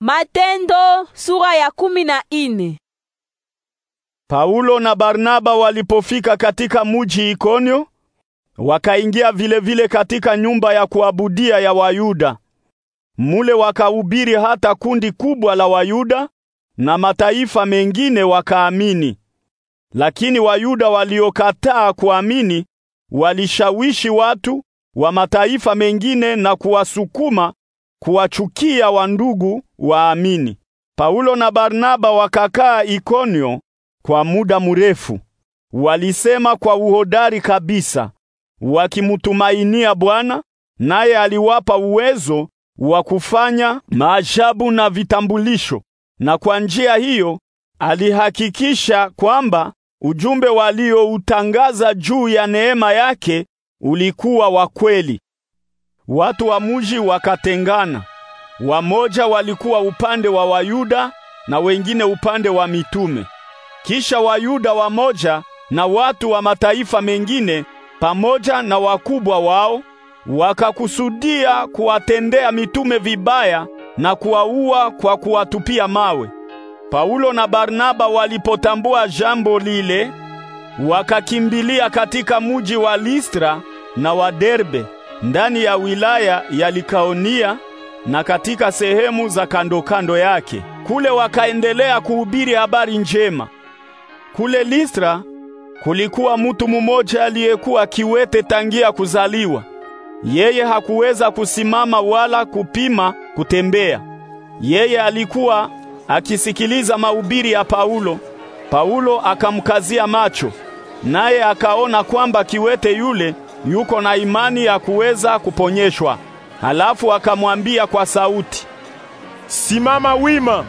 Matendo sura ya kumi na ine. Paulo na Barnaba walipofika katika muji Ikonio, wakaingia vile vile katika nyumba ya kuabudia ya Wayuda. Mule wakahubiri hata kundi kubwa la Wayuda na mataifa mengine wakaamini. Lakini Wayuda waliokataa kuamini walishawishi watu wa mataifa mengine na kuwasukuma kuwachukia wandugu waamini. Paulo na Barnaba wakakaa Ikonio kwa muda mrefu. Walisema kwa uhodari kabisa, wakimtumainia Bwana, naye aliwapa uwezo wa kufanya maajabu na vitambulisho, na kwa njia hiyo alihakikisha kwamba ujumbe walioutangaza juu ya neema yake ulikuwa wa kweli. Watu wa muji wakatengana. Wamoja walikuwa upande wa Wayuda na wengine upande wa mitume. Kisha Wayuda wamoja na watu wa mataifa mengine pamoja na wakubwa wao wakakusudia kuwatendea mitume vibaya na kuwaua kwa kuwatupia mawe. Paulo na Barnaba walipotambua jambo lile, wakakimbilia katika muji wa Listra na wa Derbe ndani ya wilaya ya Likaonia na katika sehemu za kando kando yake. Kule wakaendelea kuhubiri habari njema. Kule Listra kulikuwa mtu mmoja aliyekuwa kiwete tangia kuzaliwa. Yeye hakuweza kusimama wala kupima kutembea. Yeye alikuwa akisikiliza mahubiri ya Paulo. Paulo akamkazia macho, naye akaona kwamba kiwete yule yuko na imani ya kuweza kuponyeshwa. Halafu akamwambia kwa sauti, simama wima.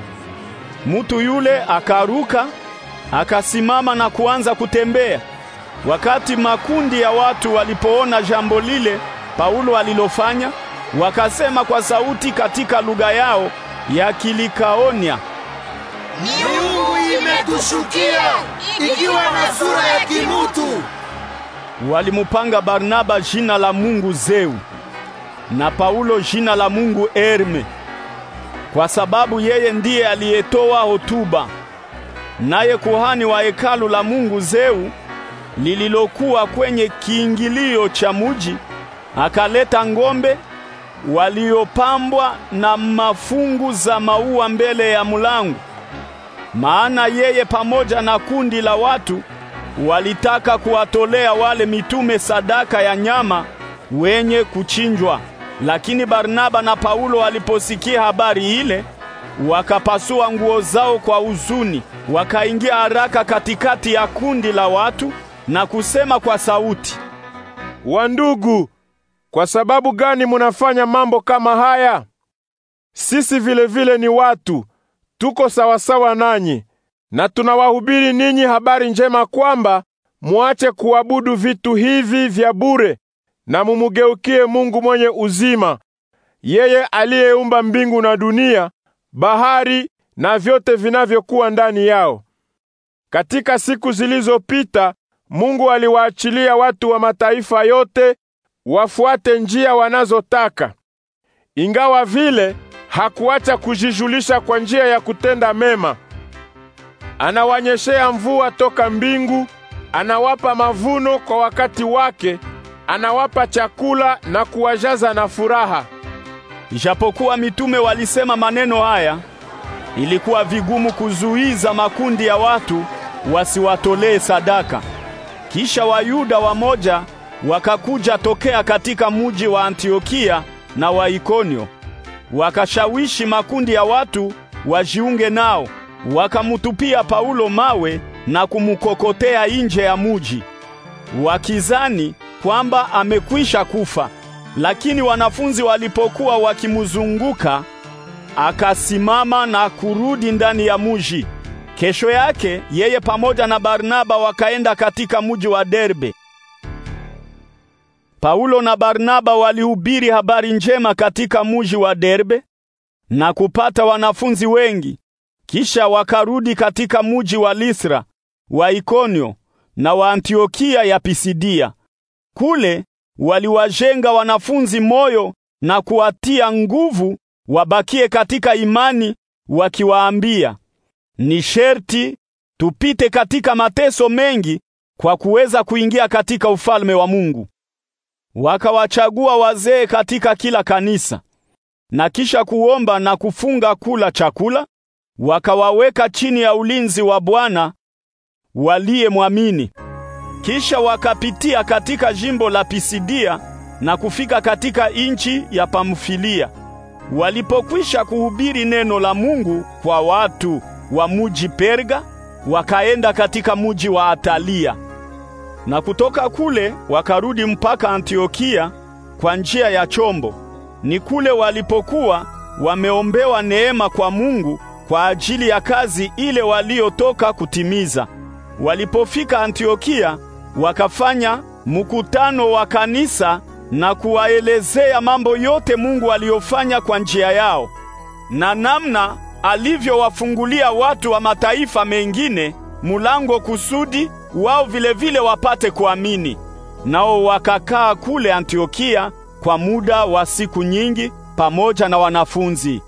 Mtu yule akaruka akasimama na kuanza kutembea. Wakati makundi ya watu walipoona jambo lile Paulo alilofanya, wakasema kwa sauti katika lugha yao ya Kilikaonia, miungu imetushukia ikiwa na sura ya walimupanga Barnaba jina la Mungu Zeu na Paulo jina la Mungu Herme, kwa sababu yeye ndiye aliyetoa hotuba. Naye kuhani wa hekalu la Mungu Zeu lililokuwa kwenye kiingilio cha muji akaleta ngombe waliopambwa na mafungu za maua mbele ya mulangu, maana yeye pamoja na kundi la watu walitaka kuwatolea wale mitume sadaka ya nyama wenye kuchinjwa. Lakini Barnaba na Paulo waliposikia habari ile, wakapasua nguo zao kwa huzuni, wakaingia haraka katikati ya kundi la watu na kusema kwa sauti, Wandugu, kwa sababu gani munafanya mambo kama haya? Sisi vilevile vile ni watu, tuko sawasawa nanyi na tunawahubiri ninyi habari njema kwamba muache kuabudu vitu hivi vya bure na mumugeukie Mungu mwenye uzima, yeye aliyeumba mbingu na dunia, bahari na vyote vinavyokuwa ndani yao. Katika siku zilizopita Mungu aliwaachilia watu wa mataifa yote wafuate njia wanazotaka. Ingawa vile hakuacha kujijulisha kwa njia ya kutenda mema. Anawanyeshea mvua toka mbingu, anawapa mavuno kwa wakati wake, anawapa chakula na kuwajaza na furaha. Ijapokuwa mitume walisema maneno haya, ilikuwa vigumu kuzuiza makundi ya watu wasiwatolee sadaka. Kisha Wayuda wamoja wakakuja tokea katika muji wa Antiokia na wa Ikonio, wakashawishi makundi ya watu wajiunge nao wakamutupia Paulo mawe na kumukokotea nje ya muji, wakizani kwamba amekwisha kufa. Lakini wanafunzi walipokuwa wakimuzunguka, akasimama na kurudi ndani ya muji. Kesho yake yeye pamoja na Barnaba wakaenda katika muji wa Derbe. Paulo na Barnaba walihubiri habari njema katika muji wa Derbe na kupata wanafunzi wengi kisha wakarudi katika muji wa Listra, wa Ikonio na wa Antiokia ya Pisidia. Kule waliwajenga wanafunzi moyo na kuwatia nguvu wabakie katika imani, wakiwaambia, ni sherti tupite katika mateso mengi kwa kuweza kuingia katika ufalme wa Mungu. Wakawachagua wazee katika kila kanisa, na kisha kuomba na kufunga kula chakula, wakawaweka chini ya ulinzi wa Bwana waliyemwamini. Kisha wakapitia katika jimbo la Pisidia na kufika katika nchi ya Pamfilia. Walipokwisha kuhubiri neno la Mungu kwa watu wa muji Perga, wakaenda katika muji wa Atalia. Na kutoka kule wakarudi mpaka Antiokia kwa njia ya chombo. Ni kule walipokuwa wameombewa neema kwa Mungu kwa ajili ya kazi ile waliotoka kutimiza. Walipofika Antiokia, wakafanya mkutano wa kanisa na kuwaelezea mambo yote Mungu aliyofanya kwa njia yao na namna alivyowafungulia watu wa mataifa mengine mulango kusudi wao vilevile vile wapate kuamini. Nao wakakaa kule Antiokia kwa muda wa siku nyingi pamoja na wanafunzi.